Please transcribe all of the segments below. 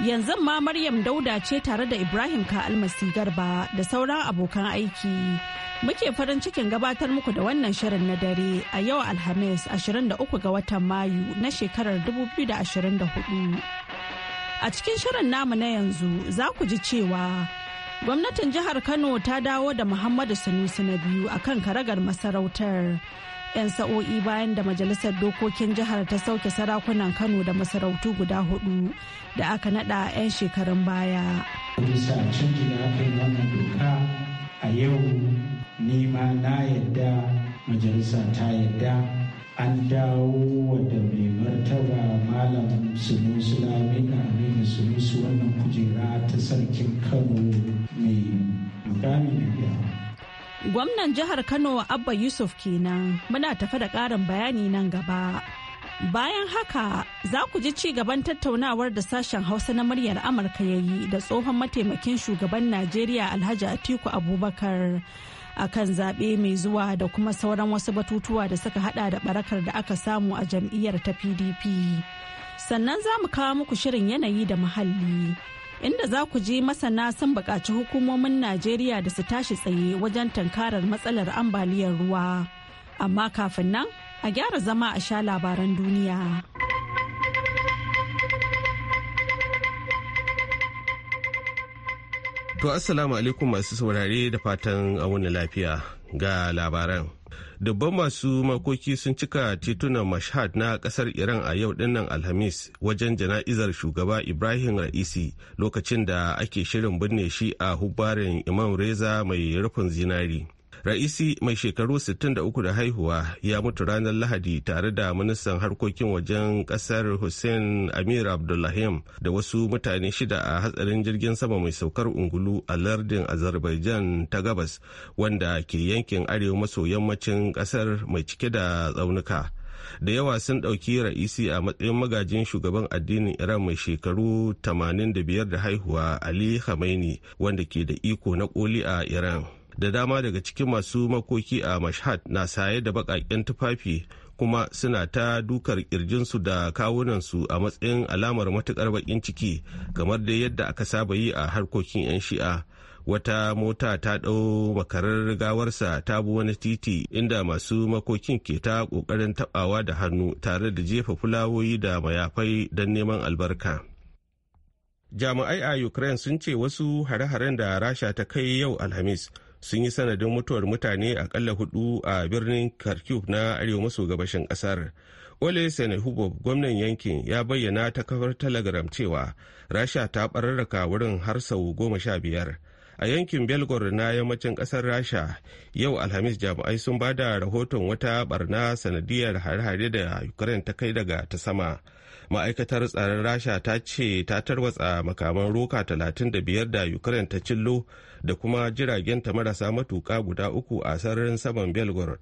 Yanzu ma Maryam Dauda ce tare da Ibrahim Ka'almasi Garba da sauran abokan aiki. Muke farin cikin gabatar muku da wannan shirin na dare a yau Alhamis 23 ga watan Mayu na shekarar 2024. A cikin shirin namu na yanzu za ku ji cewa gwamnatin jihar Kano ta dawo da Muhammadu Sanusi na biyu akan karagar masarautar. 'yan sa'o'i bayan da majalisar dokokin jihar ta sauke sarakunan kano da masarautu guda hudu da aka nada 'yan shekarun baya bisa canji da aka wannan doka a yau nima na yadda majalisa ta yadda an dawo wadda mai martaba malam sunusu lamina aminu sunusu wannan kujera ta sarkin kano mai mukamin na Gwamnan jihar Kano Abba Yusuf kenan muna tafe da ƙarin bayani nan gaba. Bayan haka za ku ji ci gaban tattaunawar da sashen Hausa na muryar Amurka ya yi da tsohon mataimakin shugaban Najeriya Alhaji Atiku Abubakar a kan zaɓe mai zuwa da kuma sauran wasu batutuwa da suka hada da ɓarakar da aka samu a jam'iyyar ta PDP. Sannan za mu kawo muku shirin yanayi da muhalli. inda za ku ji masana sun bukaci hukumomin Najeriya da su tashi tsaye wajen tankarar matsalar ambaliyar ruwa. Amma kafin nan a gyara zama a sha labaran duniya. To Assalamu alaikum masu saurare da fatan a wani lafiya ga labaran. dubban masu makoki sun cika titunan mashhad na kasar iran a yau dinnan alhamis wajen jana'izar shugaba ibrahim ra'isi lokacin da ake shirin binne shi a hubbarin imam reza mai rufin zinari Ra'isi mai shekaru 63 da haihuwa ya mutu ranar Lahadi tare da ministan harkokin wajen kasar Hussein Amir Abdullahim da wasu mutane shida a hatsarin jirgin sama mai saukar ungulu a lardin Azerbaijan ta gabas wanda ke yankin arewa maso yammacin kasar mai cike da tsaunuka. da yawa sun ɗauki ra'isi a matsayin magajin shugaban addinin iran mai shekaru 85 da haihuwa ali khamenei wanda ke da iko na koli a iran da dama daga cikin masu makoki a mashhad na saye da baƙaƙen tufafi kuma suna ta dukar kirjinsu da kawunansu a matsayin alamar matukar bakin ciki kamar da yadda aka saba yi a harkokin 'yan shi'a wata mota ta ɗau makarar gawarsa ta bi wani titi inda masu makokin ke ta ƙoƙarin taɓawa da hannu tare da jefa fulawoyi da mayafai don neman albarka jami'ai a ukraine sun ce wasu hare-haren da rasha ta kai yau alhamis sun yi sanadin mutuwar mutane akalla hudu a birnin kharkiv na arewa maso gabashin kasar ole senehubov gwamnan yankin ya bayyana ta kafar telegram cewa rasha ta bararraka wurin har sau goma sha biyar a yankin belgor na yammacin kasar rasha yau alhamis jami'ai sun ba da rahoton wata barna sanadiyar hare-hare da ukraine ta kai daga ta sama ma'aikatar tsaron rasha ta ce ta tarwatsa makaman roka 35 da ukraine ta cillo da kuma jiragen ta marasa matuka guda uku a sararin saman belgorod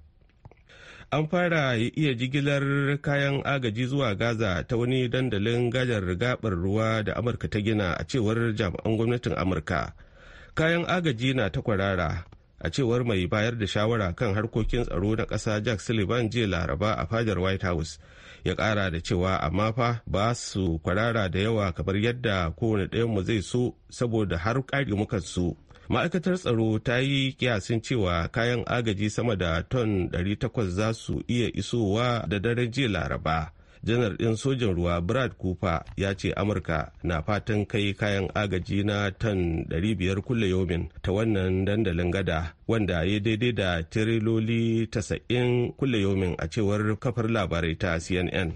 an fara iya jigilar kayan agaji zuwa gaza ta wani dandalin gajar gabar ruwa da amurka ta gina a cewar jami'an gwamnatin amurka kayan agaji na ta kwarara a cewar mai bayar da shawara kan harkokin tsaro na ƙasa jack sullivan jiya laraba a fadar white house ya kara da cewa amma fa ba su kwarara da yawa kamar yadda kowane ɗayan mu zai so saboda har ƙari muka so ma'aikatar tsaro ta yi kiyasin cewa kayan agaji sama da ton 800 za su iya isowa da daren jiya laraba janar ɗin sojan ruwa brad cooper ya ce amurka na fatan kai kayan agaji na tan 500 kulle yomin ta wannan dandalin gada wanda ya daidai da tiriloli 90 kulle yomin a cewar kafar labarai ta cnn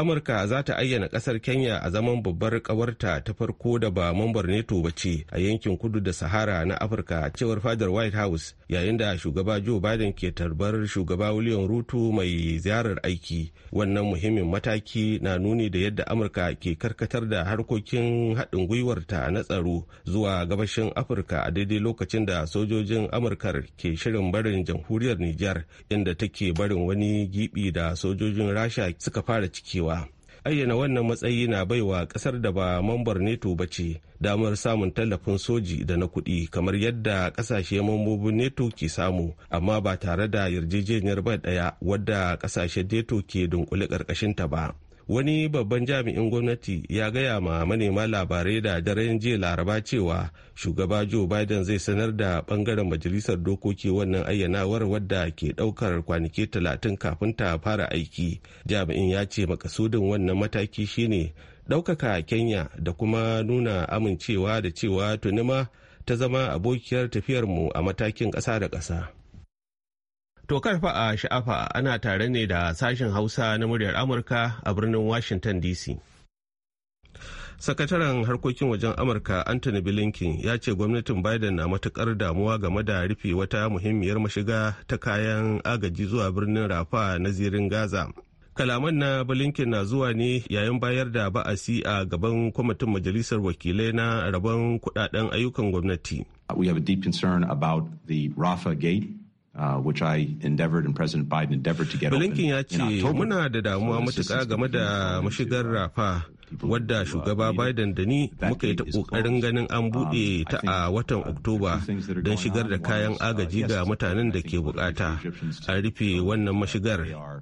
amurka za ta ayyana ƙasar kenya a zaman babbar ƙawarta ta farko da ba mambar neto ba ce a yankin kudu da sahara na afirka cewar fadar white house yayin da shugaba joe biden ke tarbar shugaba william ruto mai ziyarar aiki wannan muhimmin mataki na nuni da yadda amurka ke karkatar da harkokin haɗin gwiwarta na tsaro zuwa gabashin afirka a daidai lokacin da sojojin amurkar ke shirin barin jamhuriyar nijar inda take barin wani gibi da sojojin rasha suka fara cikewa cewa ayyana wannan matsayi na baiwa kasar da ba mambar neto ba ce damar samun tallafin soji da na kuɗi kamar yadda ƙasashe mambobin neto ke samu amma ba tare da yarjejeniyar bai ɗaya wadda ƙasashen neto ke dunkule ƙarƙashinta ba wani babban jami'in gwamnati ya gaya ma manema labarai da daren jiya laraba cewa shugaba joe biden zai sanar da bangaren majalisar dokoki wannan ayyanawar wadda ke daukar kwanaki talatin kafin ta fara aiki jami'in ya ce makasudin wannan mataki shine daukaka kenya da kuma nuna amincewa da cewa tunima ta zama abokiyar tafiyarmu a matakin ƙasa da ƙasa To karfa a sha'afa ana tare ne da sashen Hausa na muryar Amurka a birnin Washington DC. Sakataren harkokin wajen Amurka Anthony Blinken ya ce gwamnatin Biden na matukar damuwa game da rufe wata muhimmiyar mashiga ta kayan agaji zuwa birnin Rafa na zirin Gaza. kalaman na blinken na zuwa ne yayin bayar da ba'asi a gaban kwamitin majalisar wakilai na rabon kudaden ayyukan gwamnati. We have a deep concern about the Rafa gate Uh, which I endeavored and President Biden endeavored to get Blinken ya ce muna da damuwa matuƙa game da mashigar rafa wadda shugaba Biden da ni muka yi ta kokarin ganin an um, buɗe ta a watan Oktoba don shigar da kayan uh, agaji ga mutanen da ke bukata. a rufe wannan mashigar.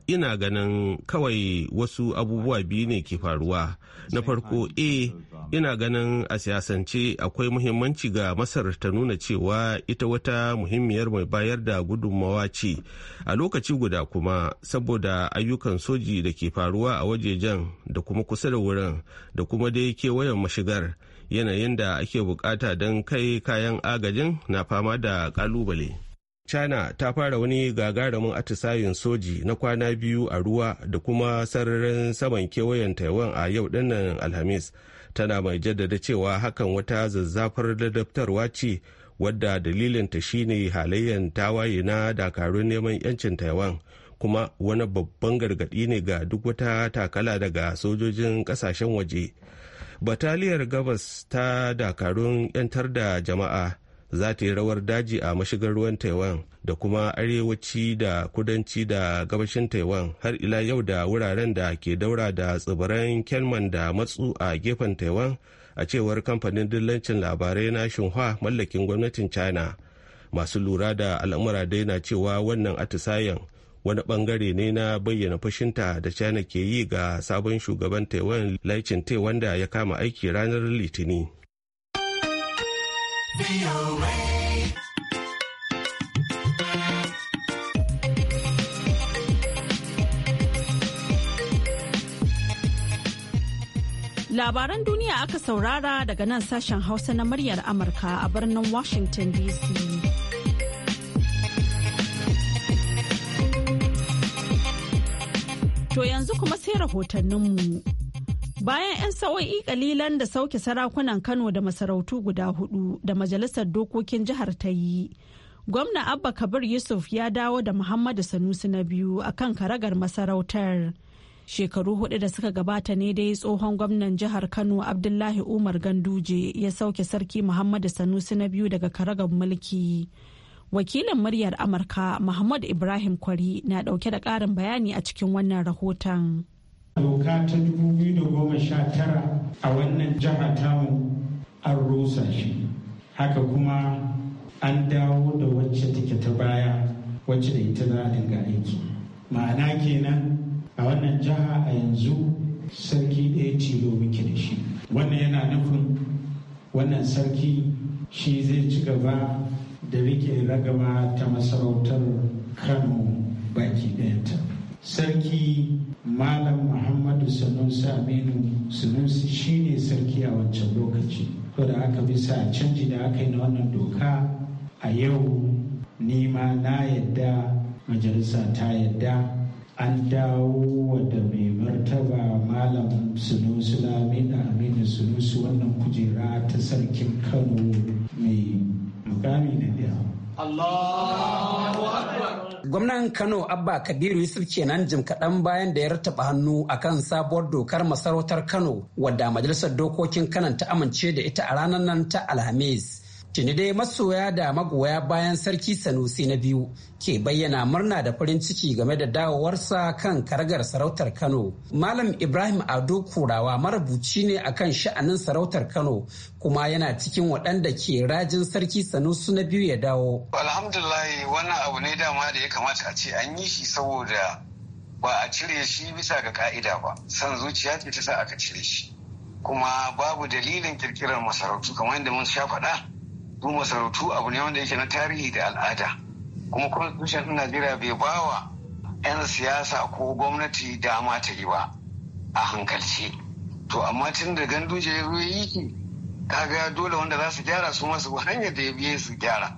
Ina ganin kawai wasu abubuwa biyu ne ke faruwa. Na farko A eh, um, ina ganin a siyasance akwai muhimmanci ga Masar ta nuna cewa ita wata muhimmiyar mai bayar da gudunmawa ce. A lokaci guda kuma saboda ayyukan soji da ke faruwa a wajejen da kuma kusa da wurin da kuma dai kewayen mashigar yanayin da ake bukata don kai kayan agajin na fama da kalubale. china ta fara wani gagarumin atisayin soji na kwana biyu a ruwa da kuma sararin saman kewayen taiwan a yau dinnan alhamis tana mai jaddada cewa hakan wata zazzafar ladabtarwa ce wadda dalilinta shine halayen tawaye na dakarun neman 'yancin taiwan kuma wani babban gargaɗi ne ga duk wata takala daga sojojin ƙasashen waje bataliyar gabas ta dakarun 'yantar da jama'a za ta yi rawar daji a mashigar ruwan taiwan da kuma arewaci da kudanci da gabashin taiwan har ila yau da wuraren da ke daura da tsibiran kenman da matsu a gefen taiwan a cewar kamfanin dillancin labarai na shinhua mallakin gwamnatin china masu lura da al'amura dai na cewa wannan atisayen wani bangare ne na bayyana fushinta da china ke yi ga sabon shugaban taiwan laicin tai wanda ya kama aiki ranar litini labaran duniya aka saurara daga nan sashen hausa na muryar amurka a birnin washington dc To yanzu kuma sai rahotanninmu. Bayan 'yan sa'o'i kalilan da sauke sarakunan Kano da masarautu guda hudu da majalisar dokokin jihar ta yi, gwamna Abba Kabir Yusuf ya dawo da Muhammadu Sanusi na biyu a kan karagar masarautar. Shekaru hudu da suka gabata ne dai tsohon gwamnan jihar Kano Abdullahi Umar Ganduje ya sauke sarki Muhammadu Sanusi na biyu daga karagar mulki. wakilin muryar amurka muhammad ibrahim kwari na dauke da karin bayani a cikin wannan rahoton doka ta 2019 a wannan jiha tamu an rusa shi haka kuma an dawo da wacce take ta baya wacce da ita za a dinga aiki ma'ana kenan a wannan jiha a yanzu sarki ɗaya tilo muke da shi wannan yana nufin wannan sarki shi zai ci gaba da rike ragama ta masarautar kano baki ɗayanta sarki malam muhammadu sanusi aminu sanusi shine sarki a wancan lokaci to da aka bisa canji da aka yi na wannan doka a yau nima na yadda majalisa ta yadda an dawo da mai martaba malam sunusu lamina aminu sunusu wannan kujera ta sarkin kano mai mukami na biya. Gwamnan Kano Abba Kabiru Yusuf kenan jim kaɗan bayan da ya rattaba hannu akan sabuwar dokar masarautar Kano wadda Majalisar Dokokin Kanan ta amince da ita a ranar nan ta Alhamis. Tuni dai masoya da magoya bayan sarki Sanusi na biyu ke bayyana murna da farin ciki game da dawowarsa kan karagar sarautar Kano. Malam Ibrahim Ado Kurawa marubuci ne akan sha'anin sarautar Kano kuma yana cikin waɗanda ke rajin sarki Sanusi na biyu ya dawo. Alhamdulillah wannan abu ne dama da ya kamata a ce an yi shi saboda ba a cire shi bisa ga ka'ida ba. San zuciya ce ta sa aka cire shi. Kuma babu dalilin kirkirar masarautu kamar yadda mun sha faɗa. su masarautu abu ne wanda yake na tarihi da al'ada kuma constitution ɗin najeriya bai ba wa 'yan siyasa ko gwamnati dama ta yi ba a hankalce to amma tun da ganduje ya zo yi kaga dole wanda za su gyara su masu hanyar da ya biye su gyara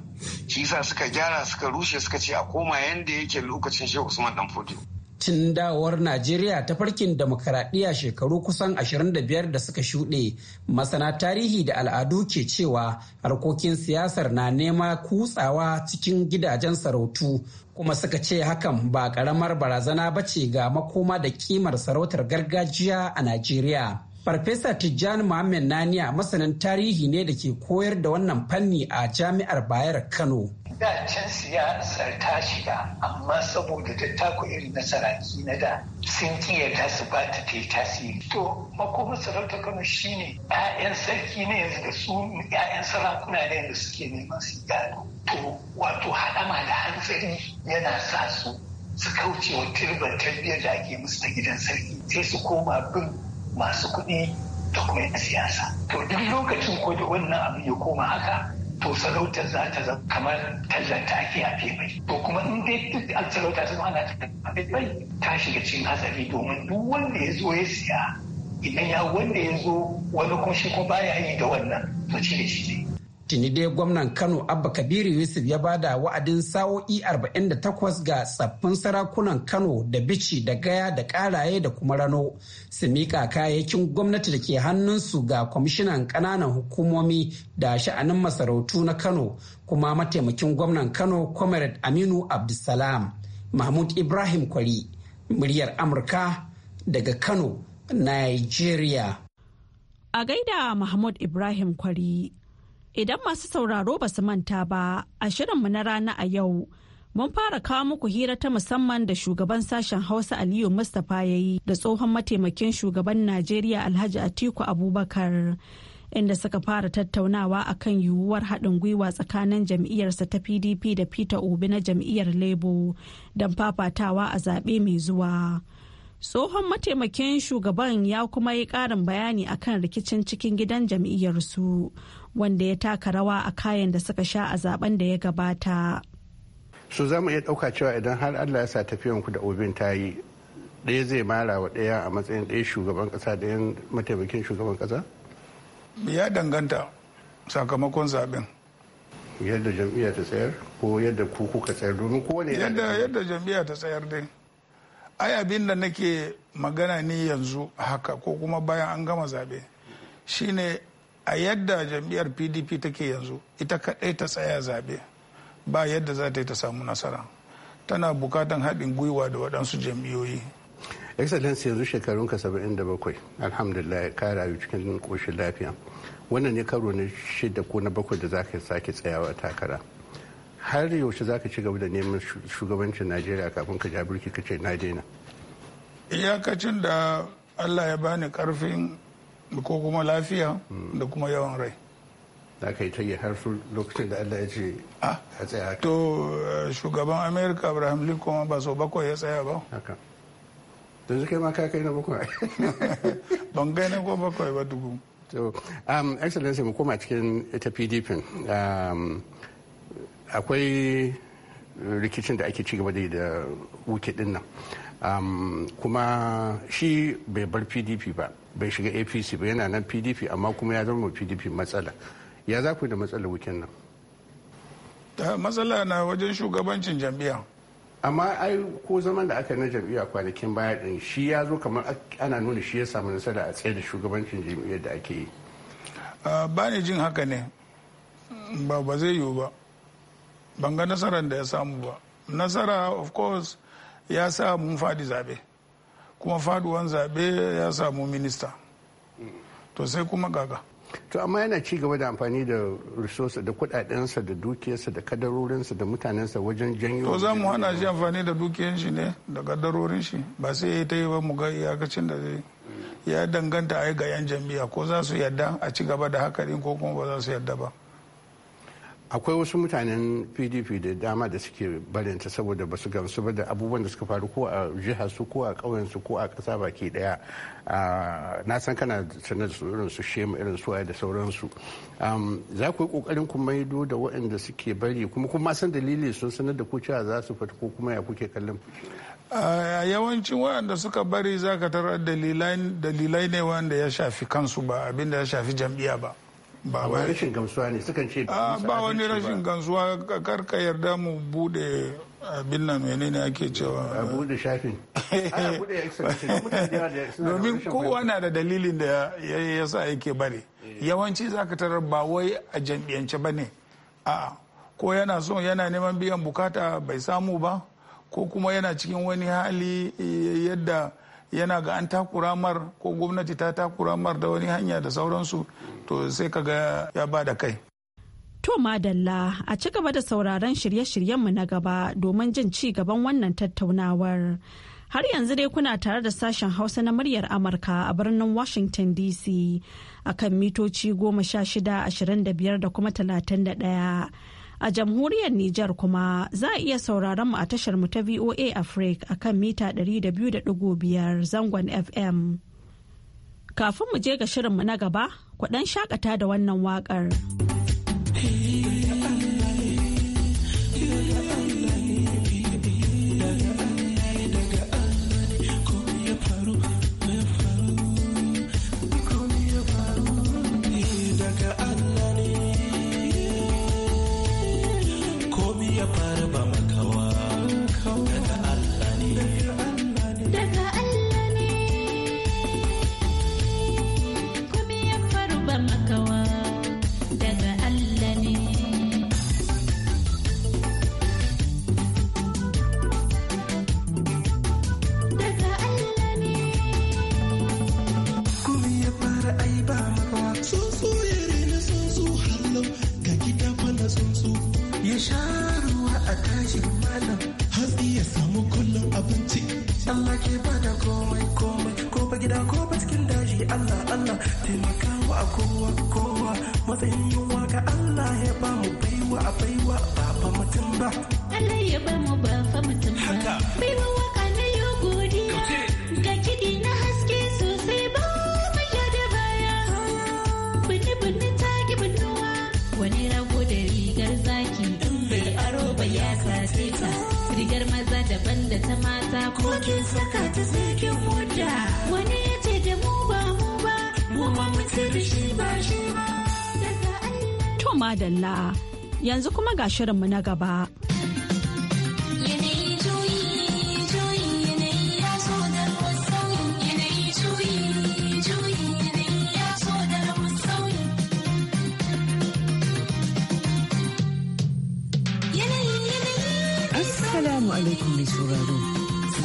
shi yasa suka gyara suka rushe suka ce a koma yanda yake lokacin shehu usman dan fodio tun dawowar Najeriya ta farkin demokaradiyya shekaru kusan 25 da suka shuɗe masana tarihi da al'adu ke cewa harkokin siyasar na nema kutsawa cikin gidajen sarautu kuma suka ce hakan ba ƙaramar barazana ba ce ga makoma da ƙimar sarautar gargajiya a Najeriya. Farfesa Tijjani Muhammad Naniya masanin tarihi ne da ke koyar da wannan fanni a Jami'ar Bayar Kano. da can siyasar ta shiga amma saboda ta taku irin na saraki na da sun kiyarta su ba ta ta yi tasiri to makoma sarauta kano shine ƴaƴan sarki ne yanzu da su ƴaƴan sarakuna ne da suke neman su gano to wato haɗama da hanzari yana sa su su kauce wa turban tarbiyyar da ake musu ta gidan sarki sai su koma bin masu kuɗi da kuma 'yan siyasa to duk lokacin ko da wannan abu ya koma haka to sarautar za ta zama kamar tallar ta ake a bai to kuma in dai duk sarauta ta zama na ta shiga cikin hatsari domin duk wanda ya zo ya siya idan ya wanda ya zo wani kuma shi ko baya yi da wannan to cire shi ne Tuni dai gwamnan Kano Abba Kabiru Yusuf ya ba da wa'adin sa'o'i 48 ga tsaffin sarakunan Kano da Bici da Gaya da Karaye da kuma Rano su mika kayayyakin gwamnati da ke hannunsu ga kwamishinan ƙananan hukumomi da sha'anin masarautu na Kano kuma mataimakin gwamnan Kano Comrade Aminu Abdulsalam. Mahmud Ibrahim Kwari, muryar Amurka daga Kano, Nigeria. A gaida Mahmud Ibrahim Kwari Idan masu sauraro ba su manta ba, a shirinmu na rana a yau, mun fara kawo muku hira ta musamman da shugaban sashen Hausa Aliyu Mustapha ya yi da tsohon mataimakin shugaban Najeriya Alhaji Atiku Abubakar. Inda suka fara tattaunawa a kan yiwuwar haɗin gwiwa tsakanin jam'iyyarsa ta PDP da Peter Obi na jam'iyyar Labo don fafatawa a zaɓe mai zuwa. tsohon mataimakin shugaban ya kuma yi ƙarin bayani akan rikicin cikin gidan jam'iyyarsu wanda ya taka rawa a kayan da suka sha a zaben da ya gabata. su za mu iya ɗauka cewa idan har allah ya sa tafiyanku da obin ta yi ɗaya zai mara wa ɗaya a matsayin ɗaya shugaban ƙasa daya mataimakin shugaban ƙasa? ya danganta sakamakon zaben yadda jam'iyya ta tsayar ko yadda ku kuka tsayar domin ko yadda yadda jam'iyya ta tsayar dai ai abin da nake magana ne yanzu haka ko kuma bayan an gama zaɓe shine a yadda jam'iyyar pdp take yanzu ita kaɗai ta tsaya zaɓe ba yadda za ta yi ta samu nasara tana bukatan haɗin gwiwa da waɗansu jam'iyyoyi excellence yanzu shekarunka 77 alhamdulillah ka rayu cikin ƙoshin lafiya wannan ne karo na shida ko na bakwai da za ka sake tsayawa takara har yaushe za ka ci gaba da neman shugabancin najeriya kafin ka ja birki ka ce na daina iyakacin da allah ya bani karfin ko kuma lafiya da kuma yawan rai da ka yi ta yi har lokacin da allah ya ce a tsaya to eh, shugaban america abraham lincoln ba so bakwai ya tsaya ba zai kai ma ka kai na bakwai ban kai na ko bakwai ba dugu to um, excellency mu koma cikin ita pdp um, akwai rikicin da ake cigaba da da wuke din nan um, kuma shi bai bar pdp ba bai shiga apc ba yana nan pdp amma kuma ya zama pdp matsala ya za ku da matsala wukin nan matsala na wajen shugabancin jam'iyya amma ai ko zaman da aka na jam'iyya kwanakin baya din shi ya zo kamar ana nuna shi ya samu nasara a tsaye da shugabancin jam'iyyar da ake yi ba ni jin haka ne ba ba zai yiwu ba ban ga nasarar da ya samu ba nasara of course ya sa mun fadi zaɓe kuma faduwan zaɓe ya samu minista to sai kuma gaga to amma yana ci gaba da amfani da resources da kudadensa da dukiyarsa da kadarorinsa da mutanensa wajen janyo to za mu hana shi amfani da dukiyar ne da kadarorin shi ba sai ya ta yi ba mu ga iyakacin da zai ya danganta a ga yan jam'iyya ko za su yadda a ci gaba da haka ko kuma ba za su yadda ba akwai wasu mutanen pdp da dama da suke barinta saboda ba su gamsu ba da abubuwan da suka faru ko a jihar su ko a ƙauyen ko a ƙasa baki daya na san kana sanar da su irin su shema irin su da sauransu za ku yi ƙoƙarin ku maido da waɗanda suke bari kuma kuma san dalili sun sanar da ku cewa za su fita ko kuma ya kuke kallon yawancin waɗanda suka bari zaka ka tarar dalilai ne wanda ya shafi kansu ba abinda ya shafi jam'iyya ba ba wani rashin gamsuwa ne sukan ce ah, ba wani rashin gamsuwa karka yarda mu bude abin nan menene ake cewa a bude shafin domin kowa na da dalilin da ya sa yake bare eh. yawanci zaka tarar ba wai a jam'iyyance ba ne a'a ko yana so yana neman biyan bukata bai samu ba ko kuma yana cikin wani hali eh, yadda yana ga an takura mar ko gwamnati ta takura mar da wani hanya da sauransu to sai kaga ya ba da kai To Madalla a ci gaba da sauraron shirye-shiryenmu na gaba domin jin ci gaban wannan tattaunawar. Har yanzu dai kuna tare da sashen Hausa na muryar Amurka a birnin Washington DC akan mitoci goma sha shida ashirin da biyar da kuma talatin da ɗaya. A jamhuriyar Nijar kuma za a iya sauraron mu a tashar mu ta VOA Africa a kan mita 200.5 zangon FM. Kafin mu je ga shirin mu na gaba, ku ɗan shakata da wannan waƙar. madalla yanzu kuma ga shirinmu na gaba. Assalamu alaikum mai sauraro.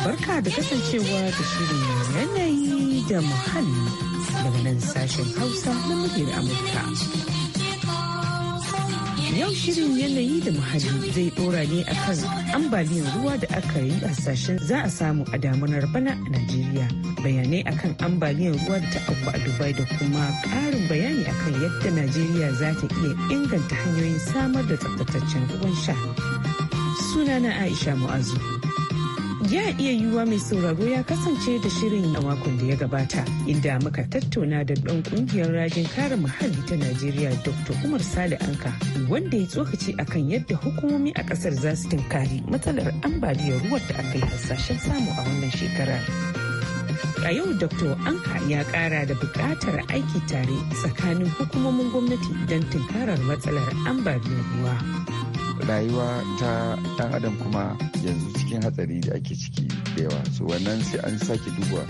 Barka da kasancewa da shirin yanayi da muhalli daga nan sashen Hausa na muryar Amurka. Yau shirin yanayi da muhalli zai dora ne akan ambaliyar ruwa da aka yi hasashen za a samu a damunar bana a Najeriya. Bayanai akan ambaliyar ruwa da ta abu a Dubai da kuma karin bayani akan yadda Najeriya za ta iya inganta hanyoyin samar da tsaftataccen ruwan sha. Sunana Aisha Mu'azu. ya iya yiwuwa mai sauraro ya kasance da shirin a makon da ya gabata inda muka tattauna da ɗan ƙungiyar rajin kare muhalli ta najeriya dr umar sale anka wanda ya tsokaci akan yadda hukumomi a ƙasar za su tinkari matsalar ambaliyar ruwa da aka yi hasashen samu a wannan shekarar a yau dr anka ya kara da buƙatar aiki tare tsakanin hukumomin gwamnati don tinkarar matsalar ambaliyar ruwa rayuwa ta dan adam kuma yanzu cikin hatsari da ake ciki da yawa so wannan sai an sake duba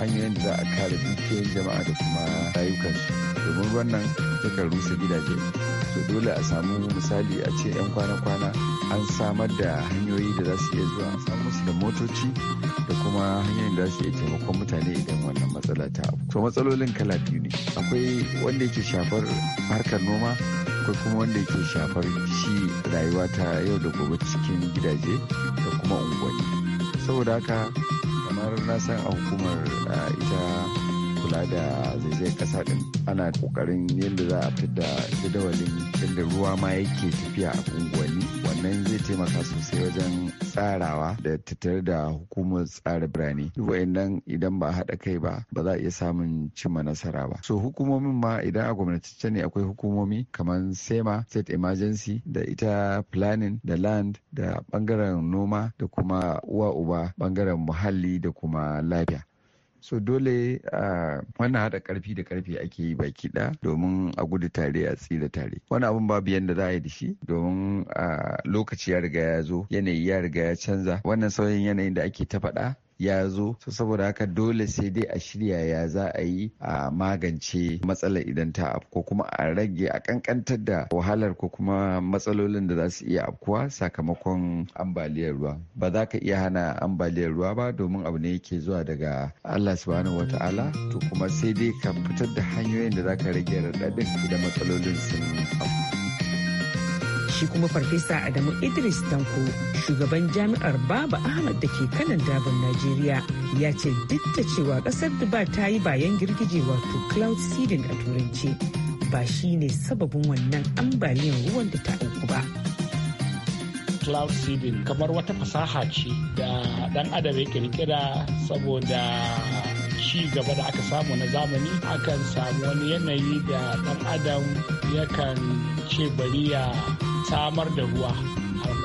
hanyoyin da za a kare dukiyar jama'a da kuma rayukansu domin wannan yakan rusa gidaje to dole a samu misali a ce 'yan kwana-kwana an samar da hanyoyi da za su iya zuwa a samu su da motoci da kuma hanyoyin da za su iya taimakon mutane idan wannan matsala ta abu. to matsalolin kala biyu ne akwai wanda yake shafar harkar noma akwai kuma wanda ke shafar shi rayuwa ta yau da gobe cikin gidaje da kuma unguwanni saboda haka kamar na san a hukumar ita kula da zaizayar kasa din ana kokarin yadda za a fitar da jadawalin yadda ruwa ma yake tafiya a unguwanni Nan zai taimaka sosai wajen tsarawa da tattare da hukumar tsara birane wa'annan idan ba haɗa kai ba ba za a iya samun cimma nasara ba so hukumomin ma idan a gwamnatacce ne akwai hukumomi kamar sema state emergency da ita planning da land da bangaren noma da kuma uwa uba bangaren muhalli da kuma lafiya so dole a ah, wannan haɗa karfi da karfi ake yi baki da domin a gudu tare a tsira tare wani abun babu yadda za a yi da shi domin a ah, lokaci ya riga ya zo yanayi ya riga ya canza wannan sauyin yanayin da ake ta faɗa ya zo saboda haka dole sai dai a shirya ya za a yi a magance matsalar idan ta afko kuma a rage a kankantar da wahalar ko kuma matsalolin da za su iya afkuwa sakamakon ambaliyar ruwa ba za ka iya hana ambaliyar ruwa ba domin abu ne yake zuwa daga Allah subhanahu wataala to kuma sai dai ka fitar da hanyoyin da za ka rage raɗaɗin idan matsalolin sun afku shi kuma farfesa adamu idris tanko shugaban jami'ar baba ahmad da ke kanan dabon najeriya ya ce duk da cewa kasar duba ta yi bayan girgije wato cloud seeding a turanci ba shi ne sababin wannan ambaliyan ruwan da ta auku ba cloud seeding kamar wata fasaha ce da dan adam ya kirkira saboda ci gaba da aka samu na zamani akan samu wani yanayi da dan adam yakan ce bari ya samar da ruwa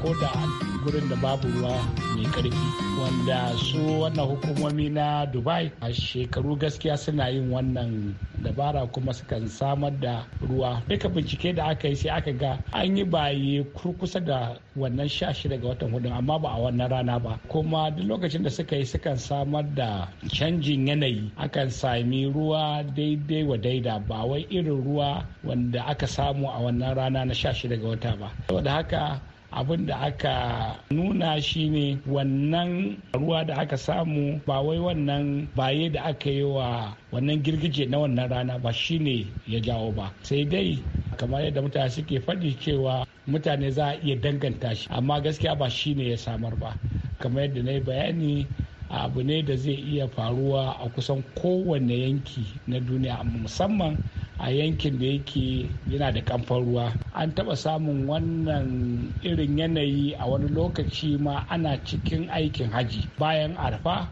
ko da gurin da babu ruwa mai karfi wanda su wannan hukumomi na dubai a shekaru gaskiya suna yin wannan dabara kuma sukan samar da ruwa duka bincike da aka yi sai aka ga an yi baye kurkusa da wannan sha shida ga watan hudu amma ba a wannan rana ba kuma duk lokacin da suka yi sukan samar da canjin yanayi akan sami ruwa daidai wa daida ba wai irin ruwa wanda aka samu a wannan rana na sha shida ga wata ba saboda haka abin da aka nuna shine wannan ruwa da aka samu ba wai wannan baye da aka yi wa wannan girgije na wannan rana ba shine ya jawo ba sai dai kamar yadda mutane suke faɗi cewa mutane za a iya danganta shi amma gaskiya ba shine ya samar ba kamar yadda na yi bayani abu ne da zai iya faruwa a kusan kowane yanki na duniya musamman a yankin da yake yana da kamfan ruwa an taɓa samun wannan irin yanayi a wani lokaci ma ana cikin aikin haji bayan arfa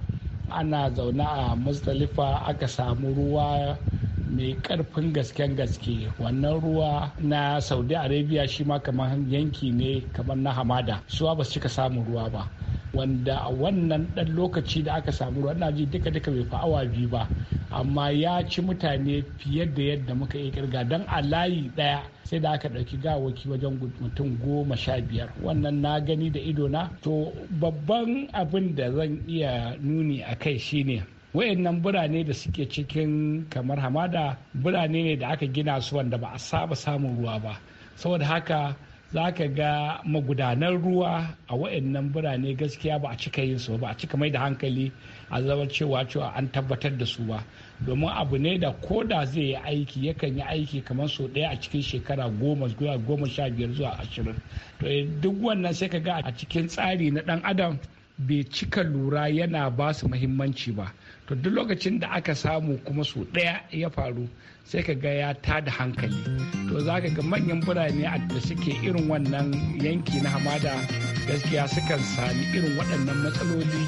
ana zaune a mustalifa aka samu ruwa mai karfin gasken gaske wannan ruwa na saudi arabia shi ma kamar yanki ne kamar na hamada suwa ba su cika samun ruwa ba wanda a wannan ɗan lokaci da aka samu ruwan ji duka duka bai fa'awa awa biyu ba amma ya ci mutane fiye da yadda muka yi kirga don a layi ɗaya sai da aka ɗauki gawaki wajen mutum goma sha biyar wannan na gani da ido na. to babban abin da zan iya nuni a kai shine wayannan birane da suke cikin kamar hamada birane ne da aka gina su wanda ba a saba samun ruwa ba saboda haka za ka ga magudanar ruwa a waɗannan birane gaskiya ba a cika yin su ba a cika mai da hankali a zama cewa cewa an tabbatar da su ba domin abu ne da ko da zai yi aiki yakan yi aiki kamar sau ɗaya a cikin shekara goma goma sha biyar zuwa ashirin to duk wannan sai ka ga a cikin tsari na ɗan adam bai cika lura yana ba su muhimmanci ba to duk lokacin da aka samu kuma su ɗaya ya faru sai ka ga ya ta da hankali to za ka ga manyan birane da suke irin wannan yanki na hamada gaskiya sukan sami irin waɗannan matsaloli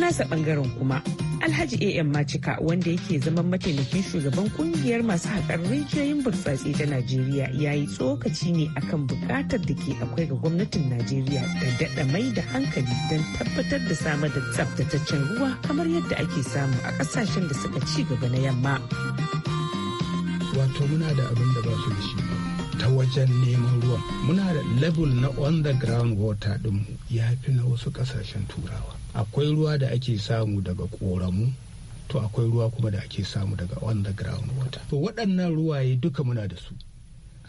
nasa ɓangaren kuma Alhaji AM Macika wanda yake zaman mataimakin shugaban kungiyar masu haƙar rijiyoyin burtsatse ta Najeriya ya yi tsokaci ne akan buƙatar da ke akwai ga gwamnatin Najeriya da daɗa mai da hankali don tabbatar da samar da tsabtataccen ruwa kamar yadda ake samu a ƙasashen da suka ci gaba na yamma. Wato muna da abin da ba su da shi. ta wajen neman ruwan muna da level na on the ground water ɗinmu ya fi na wasu ƙasashen turawa akwai ruwa da ake samu daga koramu to akwai ruwa kuma da ake samu daga underground water to waɗannan ruwaye duka muna da su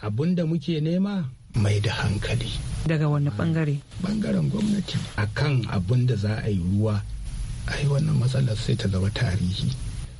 abin da muke nema mai da hankali daga wani bangare ah, bangaren gwamnati akan abin da za a yi ruwa a yi wannan matsalar sai ta zama tarihi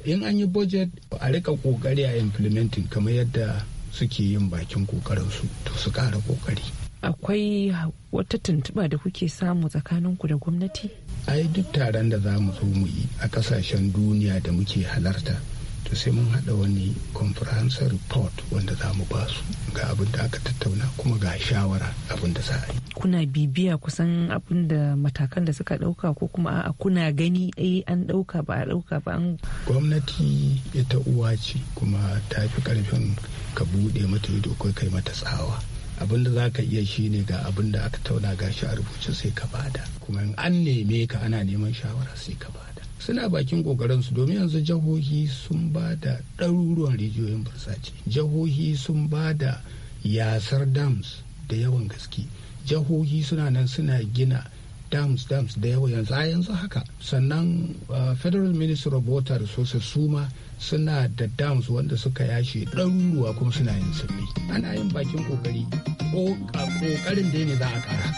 in an yi budget a rika kokari a implementing kamar yadda suke yin bakin kokarinsu to su kara kokari akwai wata tuntuɓa da kuke samu tsakanin ku da gwamnati? ai duk taron da za mu zo mu yi a kasashen duniya da muke halarta to sai mun haɗa wani conference report wanda za mu basu ga abin da aka tattauna kuma ga shawara abin da za a yi kuna bibiya kusan abin da matakan da suka ɗauka ko kuma a kuna gani ai eh, an ɗauka ba a ɗauka ba an gwamnati ita uwa ce kuma ta fi ƙarfin ka buɗe mata ido kai mata tsawa abin da za ka iya shi ne ga abin da aka tauna ga shi a rubuce sai ka bada kuma in an neme ka ana neman shawara sai ka bada suna bakin su domin yanzu jihohi sun ba da ɗaruruwan rijiyoyin birsace jihohi sun ba da yasar dams da yawan gaske jihohi suna nan suna gina dams dams da yawa yanzu a yanzu haka sannan uh, federal minister of water resources suma suna da dams wanda suka yashe ɗaruruwa kuma suna yin sabbi ana yin bakin kokari kokarin da ne za a kara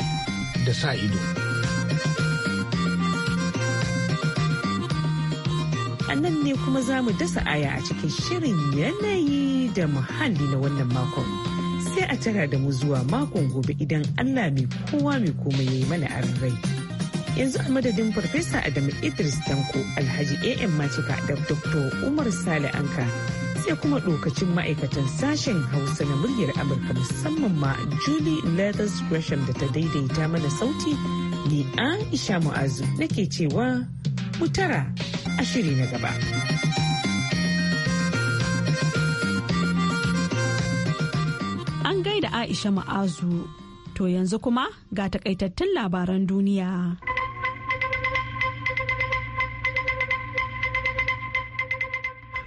da sa ido a nan ne kuma za mu dasa aya a cikin shirin yanayi da muhalli na wannan makon sai a tara da mu zuwa makon gobe idan allah mai kowa mai komai ya yi mana arrai. rai yanzu a madadin farfesa adamu idris danko alhaji am macika da dr umar sale anka sai kuma dokacin ma'aikatan sashen hausa na muryar amurka musamman ma julie leathers gresham da ta daidaita mana sauti ni aisha mu'azu nake cewa mutara a shiri na gaba. An gaida Aisha Ma'azu, to yanzu kuma ga takaitattun labaran duniya.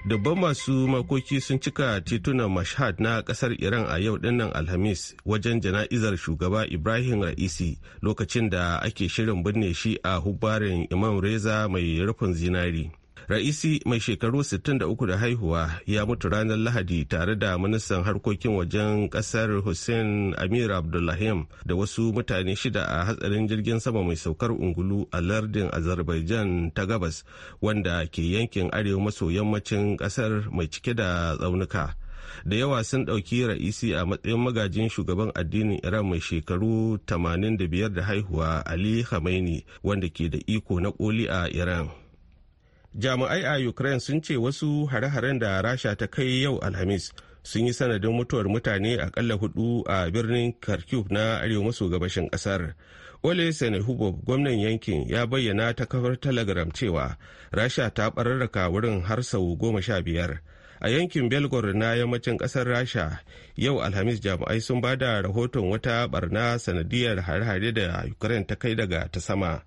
dubban masu makoki sun cika titunan mashhad na kasar iran a yau dinnan alhamis wajen jana'izar shugaba ibrahim ra'isi lokacin da ake shirin binne shi a hubbarin imam reza mai rufin zinari Ra'isi mai shekaru 63 da haihuwa ya mutu ranar Lahadi tare da ministan harkokin wajen kasar Hussein Amir Abdullahim da wasu mutane shida a hatsarin jirgin sama mai saukar ungulu a lardin Azerbaijan ta gabas wanda ke yankin arewa maso yammacin kasar mai cike da tsaunuka. da yawa sun ɗauki ra'isi a matsayin magajin shugaban addinin iran mai shekaru 85 da haihuwa ali khamenei wanda ke da iko na koli a iran jami'ai a ukraine sun ce wasu hare-haren da rasha ta kai yau alhamis sun yi sanadin mutuwar mutane akalla hudu a birnin kharkiv na arewa maso gabashin kasar ole senehubov gwamnan yankin ya bayyana ta kafar telegram cewa rasha ta bararraka wurin har sau goma sha biyar a yankin belgor na yammacin kasar rasha yau alhamis jami'ai sun ba da rahoton wata barna sanadiyar hare-hare da ukraine ta kai daga ta sama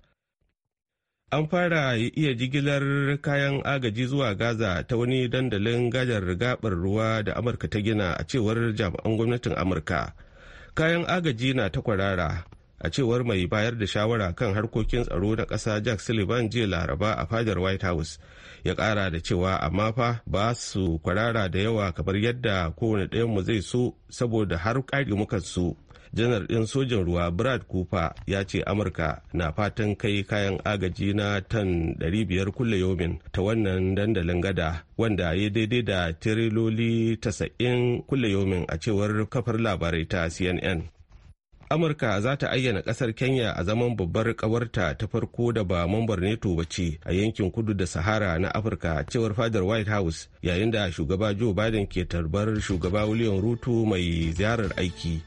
an fara iya jigilar kayan agaji zuwa gaza ta wani dandalin gadar gabar ruwa da amurka ta gina a cewar jami'an gwamnatin amurka kayan agaji na ta kwarara a cewar mai bayar da shawara kan harkokin tsaro na ƙasa jack sullivan jiya laraba a fadar white house ya ƙara da cewa amma fa ba su kwarara da yawa kamar yadda kowane ɗayanmu zai so saboda har ƙari mukan so janar ɗin sojan ruwa brad cooper ya ce amurka na fatan kai kayan agaji na tan 500 kulle yomin ta wannan dandalin gada wanda ya daidai da tiriloli 90 kulle yomin a cewar kafar labarai ta cnn amurka za ta ayyana kasar kenya a zaman babbar kawarta ta farko da ba mambar neto ba ce a yankin kudu da sahara na afirka cewar fadar white house yayin da shugaba joe biden ke tarbar shugaba william ruto mai ziyarar aiki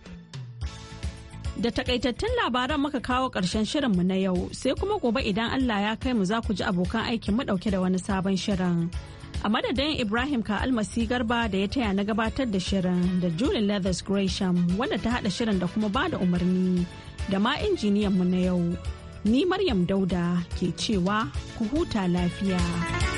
Da takaitattun labaran muka kawo ƙarshen shirinmu na yau sai kuma gobe idan Allah ya kai mu za ku ji abokan aikin mu ɗauke da wani sabon shirin. A madadin Ibrahim ka almasi garba da ya taya na gabatar da shirin da Julie Leathers Gresham wanda ta haɗa shirin da kuma bada umarni da ma injiniyanmu na yau. Ni Maryam Dauda ke cewa ku huta lafiya.